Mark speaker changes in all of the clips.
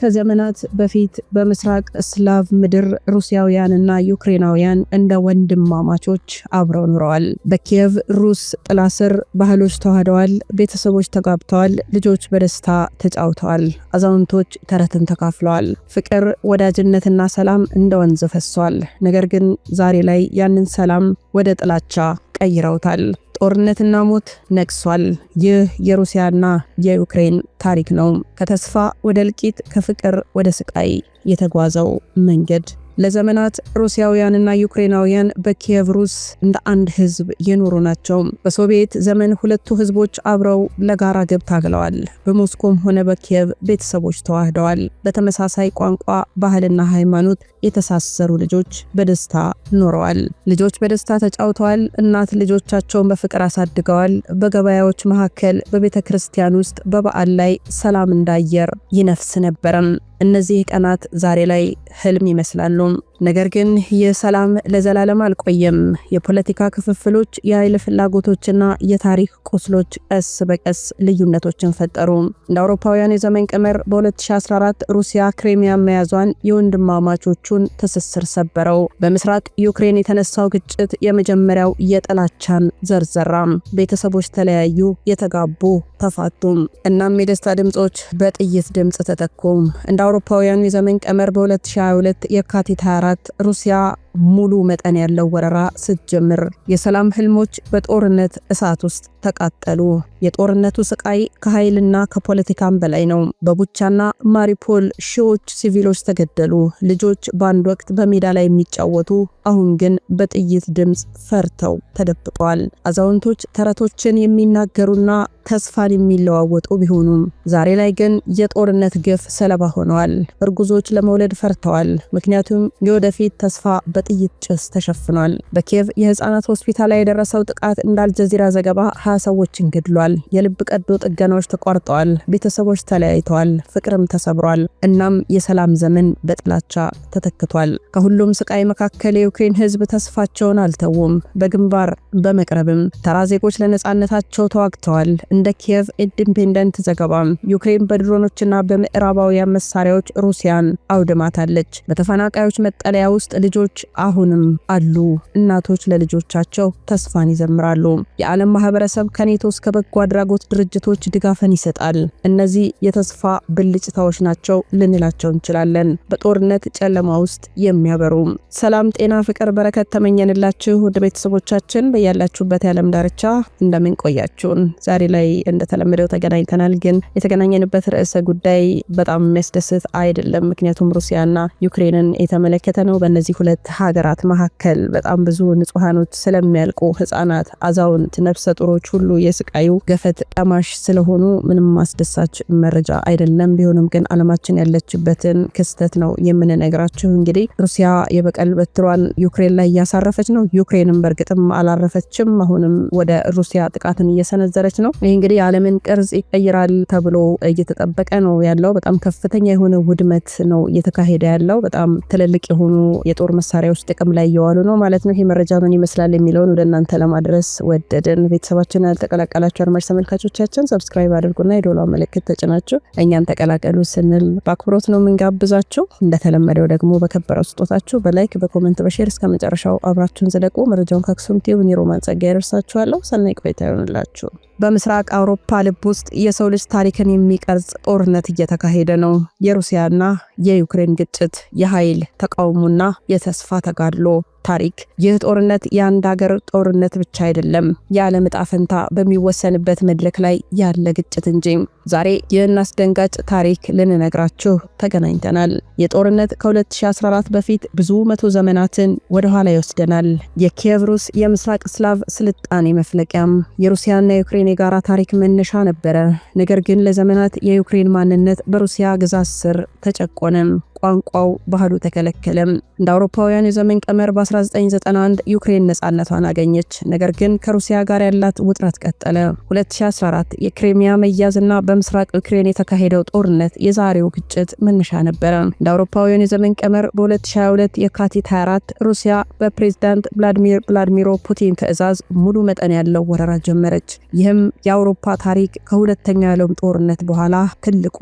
Speaker 1: ከዘመናት በፊት በምስራቅ ስላቭ ምድር ሩሲያውያንና ዩክሬናውያን እንደ ወንድማማቾች አብረው ኑረዋል። በኪየቭ ሩስ ጥላ ስር ባህሎች ተዋህደዋል። ቤተሰቦች ተጋብተዋል። ልጆች በደስታ ተጫውተዋል። አዛውንቶች ተረትን ተካፍለዋል። ፍቅር፣ ወዳጅነትና ሰላም እንደ ወንዝ ፈሷል። ነገር ግን ዛሬ ላይ ያንን ሰላም ወደ ጥላቻ ቀይረውታል። ጦርነትና ሞት ነግሷል። ይህ የሩሲያና የዩክሬን ታሪክ ነው። ከተስፋ ወደ እልቂት፣ ከፍቅር ወደ ስቃይ የተጓዘው መንገድ ለዘመናት ሩሲያውያንና ዩክሬናውያን በኪየቭ ሩስ እንደ አንድ ህዝብ የኖሩ ናቸው። በሶቪየት ዘመን ሁለቱ ህዝቦች አብረው ለጋራ ግብ ታግለዋል። በሞስኮም ሆነ በኪየቭ ቤተሰቦች ተዋህደዋል። በተመሳሳይ ቋንቋ፣ ባህልና ሃይማኖት የተሳሰሩ ልጆች በደስታ ኖረዋል። ልጆች በደስታ ተጫውተዋል። እናት ልጆቻቸውን በፍቅር አሳድገዋል። በገበያዎች መካከል፣ በቤተ ክርስቲያን ውስጥ በበዓል ላይ ሰላም እንዳየር ይነፍስ ነበረም። እነዚህ ቀናት ዛሬ ላይ ህልም ይመስላሉ። ነገር ግን ይህ ሰላም ለዘላለም አልቆየም። የፖለቲካ ክፍፍሎች፣ የኃይል ፍላጎቶችና የታሪክ ቁስሎች ቀስ በቀስ ልዩነቶችን ፈጠሩ። እንደ አውሮፓውያን የዘመን ቀመር በ2014 ሩሲያ ክሬሚያ መያዟን የወንድማማቾቹን ትስስር ሰበረው። በምስራቅ ዩክሬን የተነሳው ግጭት የመጀመሪያው የጥላቻን ዘርዘራ ቤተሰቦች ተለያዩ፣ የተጋቡ ተፋቱም። እናም የደስታ ድምፆች በጥይት ድምፅ ተተኩም። አውሮፓውያኑ የዘመን ቀመር በ2022 የካቲት 24 ሩሲያ ሙሉ መጠን ያለው ወረራ ስትጀምር የሰላም ህልሞች በጦርነት እሳት ውስጥ ተቃጠሉ። የጦርነቱ ስቃይ ከኃይልና ከፖለቲካም በላይ ነው። በቡቻና ማሪፖል ሺዎች ሲቪሎች ተገደሉ። ልጆች በአንድ ወቅት በሜዳ ላይ የሚጫወቱ አሁን ግን በጥይት ድምፅ ፈርተው ተደብቀዋል። አዛውንቶች ተረቶችን የሚናገሩና ተስፋን የሚለዋወጡ ቢሆኑም ዛሬ ላይ ግን የጦርነት ግፍ ሰለባ ሆነዋል። ሆነዋል። እርጉዞች ለመውለድ ፈርተዋል፣ ምክንያቱም የወደፊት ተስፋ በጥይት ጭስ ተሸፍኗል። በኬቭ የህፃናት ሆስፒታል ላይ የደረሰው ጥቃት እንደ አልጀዚራ ዘገባ ሀያ ሰዎችን ገድሏል። የልብ ቀዶ ጥገናዎች ተቋርጠዋል፣ ቤተሰቦች ተለያይተዋል፣ ፍቅርም ተሰብሯል። እናም የሰላም ዘመን በጥላቻ ተተክቷል። ከሁሉም ስቃይ መካከል የዩክሬን ህዝብ ተስፋቸውን አልተውም። በግንባር በመቅረብም ተራ ዜጎች ለነፃነታቸው ተዋግተዋል። እንደ ኪየቭ ኢንዲፔንደንት ዘገባ ዩክሬን በድሮኖችና በምዕራባውያን መሳሪያ መሳሪያዎች ሩሲያን አውድማታለች። በተፈናቃዮች መጠለያ ውስጥ ልጆች አሁንም አሉ። እናቶች ለልጆቻቸው ተስፋን ይዘምራሉ። የዓለም ማህበረሰብ ከኔቶ እስከ በጎ አድራጎት ድርጅቶች ድጋፍን ይሰጣል። እነዚህ የተስፋ ብልጭታዎች ናቸው ልንላቸው እንችላለን። በጦርነት ጨለማ ውስጥ የሚያበሩ ሰላም፣ ጤና፣ ፍቅር፣ በረከት ተመኘንላችሁ ወደ ቤተሰቦቻችን በያላችሁበት የዓለም ዳርቻ እንደምን ቆያችሁን። ዛሬ ላይ እንደተለመደው ተገናኝተናል። ግን የተገናኘንበት ርዕሰ ጉዳይ በጣም የሚያስደስት ስህተት አይደለም። ምክንያቱም ሩሲያና ዩክሬንን የተመለከተ ነው። በእነዚህ ሁለት ሀገራት መካከል በጣም ብዙ ንጹሐኖች ስለሚያልቁ ህጻናት፣ አዛውንት፣ ነፍሰ ጡሮች ሁሉ የስቃዩ ገፈት ቀማሽ ስለሆኑ ምንም አስደሳች መረጃ አይደለም። ቢሆንም ግን አለማችን ያለችበትን ክስተት ነው የምንነግራችሁ። እንግዲህ ሩሲያ የበቀል በትሯን ዩክሬን ላይ እያሳረፈች ነው። ዩክሬንም በእርግጥም አላረፈችም። አሁንም ወደ ሩሲያ ጥቃትን እየሰነዘረች ነው። ይህ እንግዲህ የዓለምን ቅርጽ ይቀይራል ተብሎ እየተጠበቀ ነው ያለው በጣም ከፍተኛ የሆነ የሆነ ውድመት ነው እየተካሄደ ያለው። በጣም ትልልቅ የሆኑ የጦር መሳሪያዎች ጥቅም ላይ እየዋሉ ነው ማለት ነው። ይሄ መረጃ ምን ይመስላል የሚለውን ወደ እናንተ ለማድረስ ወደድን። ቤተሰባችን ያልተቀላቀላችሁ አድማጭ ተመልካቾቻችን ሰብስክራይብ አድርጉና የዶሏ ምልክት ተጭናችሁ እኛን ተቀላቀሉ ስንል በአክብሮት ነው የምንጋብዛችሁ። እንደተለመደው ደግሞ በከበረው ስጦታችሁ በላይክ በኮመንት በሼር እስከ መጨረሻው አብራችሁን ዝለቁ። መረጃውን ከአክሱም ቲዩብ ኒሮማን ጸጋ ያደርሳችኋለሁ። ሰናይ ቆይታ ይሆንላችሁ። በምስራቅ አውሮፓ ልብ ውስጥ የሰው ልጅ ታሪክን የሚቀርጽ ጦርነት እየተካሄደ ነው። የሩሲያና የዩክሬን ግጭት፣ የኃይል ተቃውሞና የተስፋ ተጋድሎ ታሪክ። ይህ ጦርነት የአንድ ሀገር ጦርነት ብቻ አይደለም፣ የዓለም ዕጣ ፈንታ በሚወሰንበት መድረክ ላይ ያለ ግጭት እንጂ። ዛሬ ይህን አስደንጋጭ ታሪክ ልንነግራችሁ ተገናኝተናል። የጦርነት ከ2014 በፊት ብዙ መቶ ዘመናትን ወደኋላ ይወስደናል። የኪየቭ ሩስ የምስራቅ ስላቭ ስልጣኔ መፍለቂያም የሩሲያና ዩክሬን የጋራ ታሪክ መነሻ ነበረ። ነገር ግን ለዘመናት የዩክሬን ማንነት በሩሲያ ግዛት ስር ተጨቆነም። ቋንቋው፣ ባህሉ ተከለከለም። እንደ አውሮፓውያን የዘመን ቀመር በ 1991 ዩክሬን ነፃነቷን አገኘች። ነገር ግን ከሩሲያ ጋር ያላት ውጥረት ቀጠለ። 2014 የክሬሚያ መያዝና በምስራቅ ዩክሬን የተካሄደው ጦርነት የዛሬው ግጭት መነሻ ነበረ። እንደ አውሮፓውያን የዘመን ቀመር በ2022 የካቲት 24 ሩሲያ በፕሬዝዳንት ቭላዲሚር ቭላዲሚሮ ፑቲን ትዕዛዝ ሙሉ መጠን ያለው ወረራ ጀመረች። ይህም የአውሮፓ ታሪክ ከሁለተኛው የዓለም ጦርነት በኋላ ትልቁ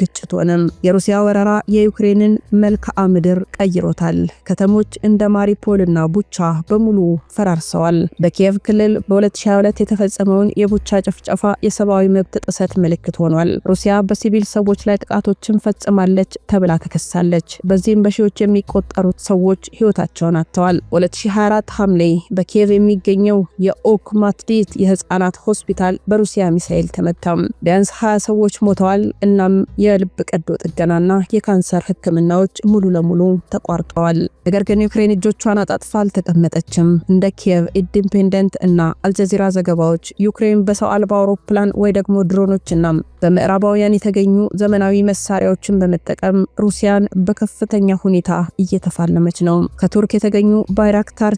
Speaker 1: ግጭት ሆነም። የሩሲያ ወረራ የዩክሬንን መልክዓ ምድር ቀይሮታል። ከተሞች እንደ ማሪፖልና ቡቻ በሙሉ ፈራርሰዋል። በኪየቭ ክልል በ2022 የተፈጸመውን የቡቻ ጭፍጨፋ የሰብአዊ መብት ጥሰት ምልክት ሆኗል። ሩሲያ በሲቪል ሰዎች ላይ ጥቃቶችን ፈጽማለች ተብላ ተከሳለች። በዚህም በሺዎች የሚቆጠሩት ሰዎች ህይወታቸውን አጥተዋል። 2024 ሐምሌ በኪየቭ የሚገኘው የኦክ ማትዲት የህፃናት ሆስፒታል በሩሲያ ሚሳኤል ተመታም። ቢያንስ 20 ሰዎች ሞተዋል። እናም የልብ ቀዶ ጥገናና የካንሰር ህክምናዎች ሙሉ ለሙሉ ተቋርጠዋል። ነገር ግን ዩክሬን እጆቿን አጣጥፋ አልተቀመጠችም። እንደ ኪየቭ ኢንዲፔንደንት እና አልጀዚራ ዘገባዎች ዩክሬን በሰው አልባ አውሮፕላን ወይ ደግሞ ድሮኖችና በምዕራባውያን የተገኙ ዘመናዊ መሳሪያዎችን በመጠቀም ሩሲያን በከፍተኛ ሁኔታ እየተፋለመች ነው። ከቱርክ የተገኙ ባይራክታር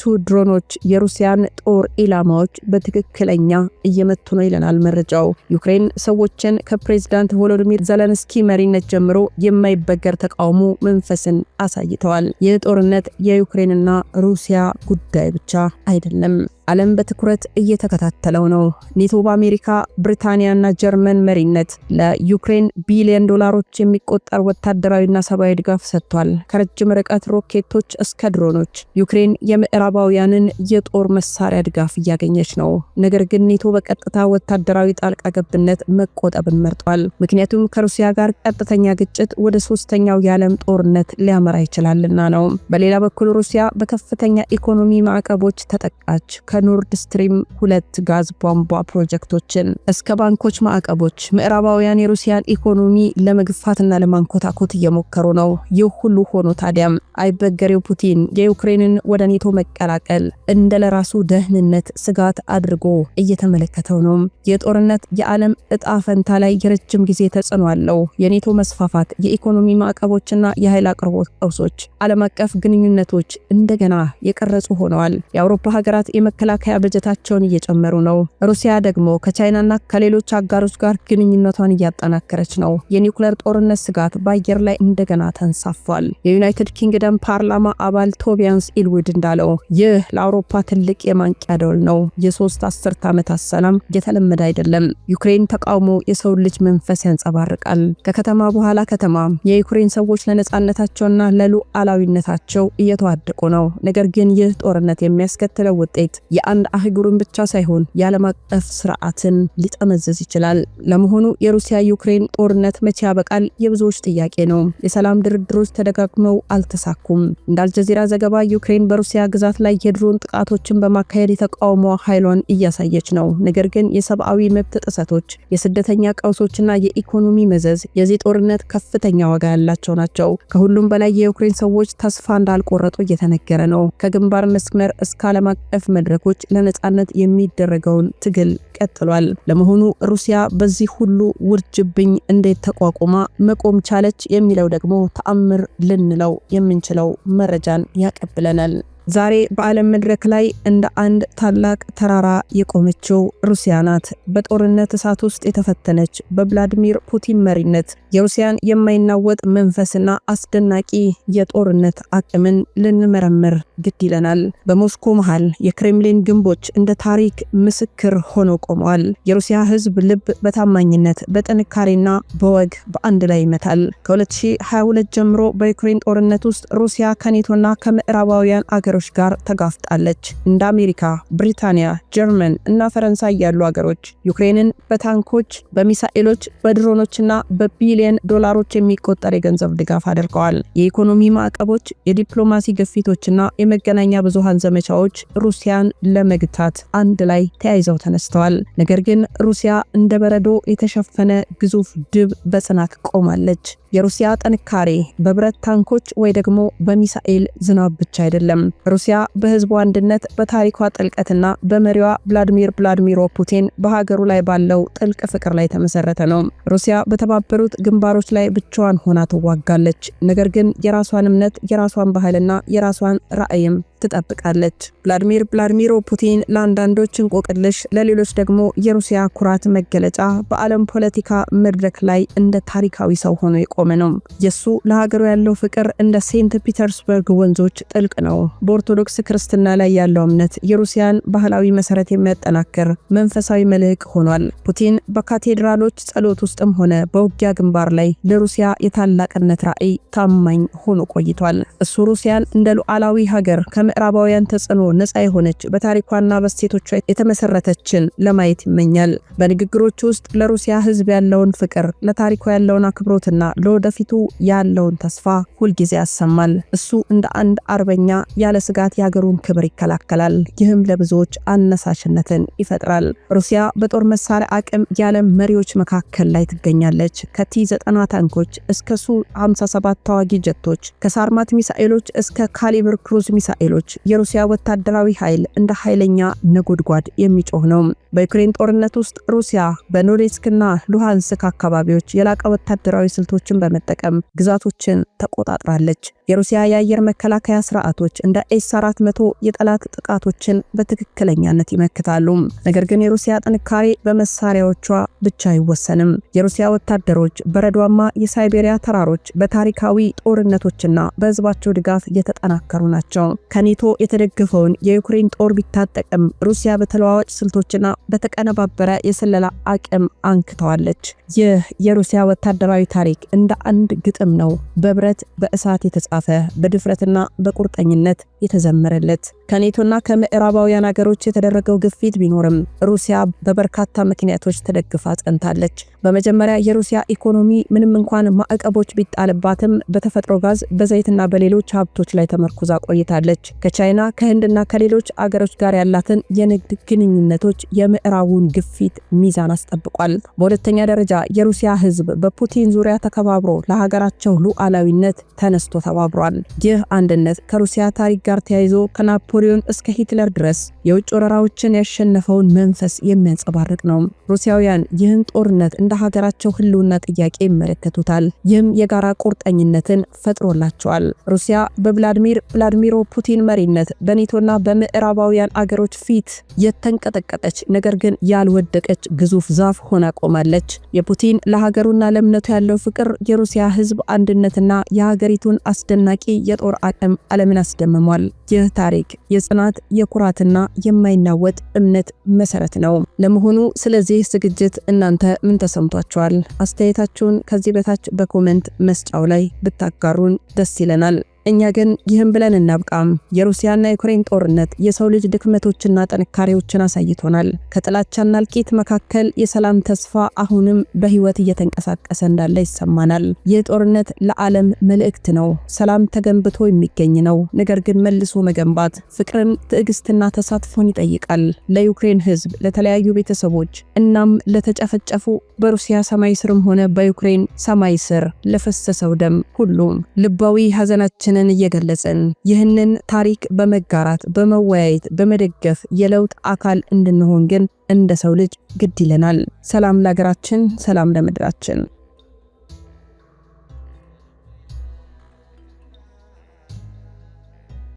Speaker 1: ቱ ድሮኖች የሩሲያን ጦር ኢላማዎች በትክክለኛ እየመቱ ነው ይለናል መረጃው። ዩክሬን ሰዎችን ከፕሬዝዳንት ቮሎዲሚር ዘለንስኪ መሪነት ጀምሮ የማይበገር ተቃውሞ መንፈስን አሳይተዋል። ይህ ጦርነት የዩክሬንና ሩሲያ ጉዳይ ብቻ አይደለም። ዓለም በትኩረት እየተከታተለው ነው። ኔቶ በአሜሪካ ብሪታንያና ጀርመን መሪነት ለዩክሬን ቢሊዮን ዶላሮች የሚቆጠር ወታደራዊና ሰብአዊ ድጋፍ ሰጥቷል። ከረጅም ርቀት ሮኬቶች እስከ ድሮኖች ዩክሬን የምዕራባውያንን የጦር መሳሪያ ድጋፍ እያገኘች ነው። ነገር ግን ኔቶ በቀጥታ ወታደራዊ ጣልቃ ገብነት መቆጠብን መርጧል። ምክንያቱም ከሩሲያ ጋር ቀጥተኛ ግጭት ወደ ሶስተኛው የዓለም ጦርነት ሊያመራ ይችላልና ነው። በሌላ በኩል ሩሲያ በከፍተኛ ኢኮኖሚ ማዕቀቦች ተጠቃች። ከኖርድ ስትሪም ሁለት ጋዝ ቧንቧ ፕሮጀክቶችን እስከ ባንኮች ማዕቀቦች ምዕራባውያን የሩሲያን ኢኮኖሚ ለመግፋትና ለማንኮታኮት እየሞከሩ ነው። ይህ ሁሉ ሆኖ ታዲያም አይበገሬው ፑቲን የዩክሬንን ወደ ኔቶ መቀላቀል እንደ ለራሱ ደህንነት ስጋት አድርጎ እየተመለከተው ነው። የጦርነት የዓለም እጣ ፈንታ ላይ የረጅም ጊዜ ተጽዕኖ አለው። የኔቶ መስፋፋት፣ የኢኮኖሚ ማዕቀቦችና የኃይል አቅርቦት ቀውሶች ዓለም አቀፍ ግንኙነቶች እንደገና የቀረጹ ሆነዋል። የአውሮፓ ሀገራት የመከ የመከላከያ በጀታቸውን እየጨመሩ ነው። ሩሲያ ደግሞ ከቻይናና ከሌሎች አጋሮች ጋር ግንኙነቷን እያጠናከረች ነው። የኒውክሌር ጦርነት ስጋት በአየር ላይ እንደገና ተንሳፏል። የዩናይትድ ኪንግደም ፓርላማ አባል ቶቢያንስ ኢልዊድ እንዳለው ይህ ለአውሮፓ ትልቅ የማንቂያ ደወል ነው። የሶስት አስርት ዓመታት ሰላም የተለመደ አይደለም። ዩክሬን ተቃውሞ የሰውን ልጅ መንፈስ ያንጸባርቃል። ከከተማ በኋላ ከተማ የዩክሬን ሰዎች ለነፃነታቸውና ለሉዓላዊነታቸው እየተዋደቁ ነው። ነገር ግን ይህ ጦርነት የሚያስከትለው ውጤት የአንድ አህጉርን ብቻ ሳይሆን የዓለም አቀፍ ስርዓትን ሊጠመዘዝ ይችላል። ለመሆኑ የሩሲያ ዩክሬን ጦርነት መቼ ያበቃል? የብዙዎች ጥያቄ ነው። የሰላም ድርድሮች ተደጋግመው አልተሳኩም። እንደ አልጀዚራ ዘገባ ዩክሬን በሩሲያ ግዛት ላይ የድሮን ጥቃቶችን በማካሄድ የተቃውሞ ኃይሏን እያሳየች ነው። ነገር ግን የሰብአዊ መብት ጥሰቶች፣ የስደተኛ ቀውሶችና የኢኮኖሚ መዘዝ የዚህ ጦርነት ከፍተኛ ዋጋ ያላቸው ናቸው። ከሁሉም በላይ የዩክሬን ሰዎች ተስፋ እንዳልቆረጡ እየተነገረ ነው። ከግንባር መስመር እስከ ዓለም አቀፍ መድረክ መድረኮች ለነፃነት የሚደረገውን ትግል ቀጥሏል። ለመሆኑ ሩሲያ በዚህ ሁሉ ውርጅብኝ እንዴት ተቋቁማ መቆም ቻለች? የሚለው ደግሞ ተአምር ልንለው የምንችለው መረጃን ያቀብለናል። ዛሬ በዓለም መድረክ ላይ እንደ አንድ ታላቅ ተራራ የቆመችው ሩሲያ ናት። በጦርነት እሳት ውስጥ የተፈተነች በቭላድሚር ፑቲን መሪነት የሩሲያን የማይናወጥ መንፈስና አስደናቂ የጦርነት አቅምን ልንመረምር ግድ ይለናል። በሞስኮ መሃል የክሬምሊን ግንቦች እንደ ታሪክ ምስክር ሆነው ቆመዋል። የሩሲያ ሕዝብ ልብ በታማኝነት በጥንካሬና በወግ በአንድ ላይ ይመታል። ከ2022 ጀምሮ በዩክሬን ጦርነት ውስጥ ሩሲያ ከኔቶና ከምዕራባውያን አገር ሀገሮች ጋር ተጋፍጣለች። እንደ አሜሪካ፣ ብሪታንያ፣ ጀርመን እና ፈረንሳይ ያሉ ሀገሮች ዩክሬንን በታንኮች፣ በሚሳኤሎች፣ በድሮኖችና በቢሊየን ዶላሮች የሚቆጠር የገንዘብ ድጋፍ አድርገዋል። የኢኮኖሚ ማዕቀቦች፣ የዲፕሎማሲ ግፊቶችና የመገናኛ ብዙሃን ዘመቻዎች ሩሲያን ለመግታት አንድ ላይ ተያይዘው ተነስተዋል። ነገር ግን ሩሲያ እንደ በረዶ የተሸፈነ ግዙፍ ድብ በጽናት ቆማለች። የሩሲያ ጥንካሬ በብረት ታንኮች ወይ ደግሞ በሚሳኤል ዝናብ ብቻ አይደለም። ሩሲያ በህዝቡ አንድነት በታሪኳ ጥልቀትና በመሪዋ ቭላድሚር ቭላድሚሮ ፑቲን በሀገሩ ላይ ባለው ጥልቅ ፍቅር ላይ የተመሰረተ ነው። ሩሲያ በተባበሩት ግንባሮች ላይ ብቻዋን ሆና ትዋጋለች። ነገር ግን የራሷን እምነት፣ የራሷን ባህልና የራሷን ራዕይም ትጠብቃለች። ቭላድሚር ቭላድሚሮ ፑቲን ለአንዳንዶች እንቆቅልሽ፣ ለሌሎች ደግሞ የሩሲያ ኩራት መገለጫ በዓለም ፖለቲካ መድረክ ላይ እንደ ታሪካዊ ሰው ሆኖ የቆመ ነው። የሱ ለሀገሩ ያለው ፍቅር እንደ ሴንት ፒተርስበርግ ወንዞች ጥልቅ ነው። በኦርቶዶክስ ክርስትና ላይ ያለው እምነት የሩሲያን ባህላዊ መሰረት የሚያጠናክር መንፈሳዊ መልህቅ ሆኗል። ፑቲን በካቴድራሎች ጸሎት ውስጥም ሆነ በውጊያ ግንባር ላይ ለሩሲያ የታላቅነት ራዕይ ታማኝ ሆኖ ቆይቷል። እሱ ሩሲያን እንደ ሉዓላዊ ሀገር ከምዕራባውያን ተጽዕኖ ነፃ የሆነች በታሪኳና በስቴቶቿ የተመሰረተችን ለማየት ይመኛል። በንግግሮች ውስጥ ለሩሲያ ሕዝብ ያለውን ፍቅር፣ ለታሪኳ ያለውን አክብሮትና ለወደፊቱ ያለውን ተስፋ ሁልጊዜ ያሰማል። እሱ እንደ አንድ አርበኛ ያለ ስጋት የሀገሩን ክብር ይከላከላል። ይህም ለብዙዎች አነሳሽነትን ይፈጥራል። ሩሲያ በጦር መሳሪያ አቅም የዓለም መሪዎች መካከል ላይ ትገኛለች። ከቲ90 ታንኮች እስከ ሱ57 ተዋጊ ጀቶች፣ ከሳርማት ሚሳኤሎች እስከ ካሊብር ክሩዝ ሚሳኤሎች የሩሲያ ወታደራዊ ኃይል እንደ ኃይለኛ ነጎድጓድ የሚጮህ ነው። በዩክሬን ጦርነት ውስጥ ሩሲያ በኖሬስክና ሉሃንስክ አካባቢዎች የላቀ ወታደራዊ ስልቶችን በመጠቀም ግዛቶችን ተቆጣጥራለች። የሩሲያ የአየር መከላከያ ስርዓቶች እንደ ኤስ 400 የጠላት ጥቃቶችን በትክክለኛነት ይመክታሉ። ነገር ግን የሩሲያ ጥንካሬ በመሳሪያዎቿ ብቻ አይወሰንም። የሩሲያ ወታደሮች በረዷማ የሳይቤሪያ ተራሮች በታሪካዊ ጦርነቶችና በህዝባቸው ድጋፍ የተጠናከሩ ናቸው። ከኔቶ የተደገፈውን የዩክሬን ጦር ቢታጠቅም ሩሲያ በተለዋዋጭ ስልቶችና በተቀነባበረ የስለላ አቅም አንክተዋለች። ይህ የሩሲያ ወታደራዊ ታሪክ እንደ አንድ ግጥም ነው፣ በብረት በእሳት የተጻፈ በድፍረትና በቁርጠኝነት የተዘመረለት። ከኔቶና ከምዕራባውያን አገሮች የተደረገው ግፊት ቢኖርም ሩሲያ በበርካታ ምክንያቶች ተደግፋ ጸንታለች። በመጀመሪያ የሩሲያ ኢኮኖሚ ምንም እንኳን ማዕቀቦች ቢጣልባትም በተፈጥሮ ጋዝ፣ በዘይትና በሌሎች ሀብቶች ላይ ተመርኩዛ ቆይታለች። ከቻይና ከህንድና ከሌሎች አገሮች ጋር ያላትን የንግድ ግንኙነቶች የምዕራቡን ግፊት ሚዛን አስጠብቋል። በሁለተኛ ደረጃ የሩሲያ ህዝብ በፑቲን ዙሪያ ተከባብሮ ለሀገራቸው ሉዓላዊነት ተነስቶ ተባብሯል። ይህ አንድነት ከሩሲያ ታሪክ ጋር ጋር ተያይዞ ከናፖሊዮን እስከ ሂትለር ድረስ የውጭ ወረራዎችን ያሸነፈውን መንፈስ የሚያንጸባርቅ ነው። ሩሲያውያን ይህን ጦርነት እንደ ሀገራቸው ህልውና ጥያቄ ይመለከቱታል። ይህም የጋራ ቁርጠኝነትን ፈጥሮላቸዋል። ሩሲያ በቭላድሚር ቭላድሚሮ ፑቲን መሪነት በኔቶና በምዕራባውያን አገሮች ፊት የተንቀጠቀጠች ነገር ግን ያልወደቀች ግዙፍ ዛፍ ሆና ቆማለች። የፑቲን ለሀገሩና ለእምነቱ ያለው ፍቅር የሩሲያ ህዝብ አንድነትና የሀገሪቱን አስደናቂ የጦር አቅም ዓለምን አስደምሟል። ይሆናል። ይህ ታሪክ የጽናት የኩራትና የማይናወጥ እምነት መሰረት ነው። ለመሆኑ ስለዚህ ዝግጅት እናንተ ምን ተሰምቷችኋል? አስተያየታችሁን ከዚህ በታች በኮመንት መስጫው ላይ ብታጋሩን ደስ ይለናል። እኛ ግን ይህም ብለን እናብቃም። የሩሲያና የዩክሬን ጦርነት የሰው ልጅ ድክመቶችና ጥንካሬዎችን አሳይቶናል። ከጥላቻና እልቂት መካከል የሰላም ተስፋ አሁንም በህይወት እየተንቀሳቀሰ እንዳለ ይሰማናል። ይህ ጦርነት ለዓለም መልእክት ነው። ሰላም ተገንብቶ የሚገኝ ነው። ነገር ግን መልሶ መገንባት ፍቅርን፣ ትዕግስትና ተሳትፎን ይጠይቃል። ለዩክሬን ህዝብ፣ ለተለያዩ ቤተሰቦች እናም ለተጨፈጨፉ በሩሲያ ሰማይ ስርም ሆነ በዩክሬን ሰማይ ስር ለፈሰሰው ደም ሁሉም ልባዊ ሀዘናችን ራሳችንን እየገለጽን ይህንን ታሪክ በመጋራት በመወያየት በመደገፍ የለውጥ አካል እንድንሆን ግን እንደ ሰው ልጅ ግድ ይለናል። ሰላም ለሀገራችን፣ ሰላም ለምድራችን።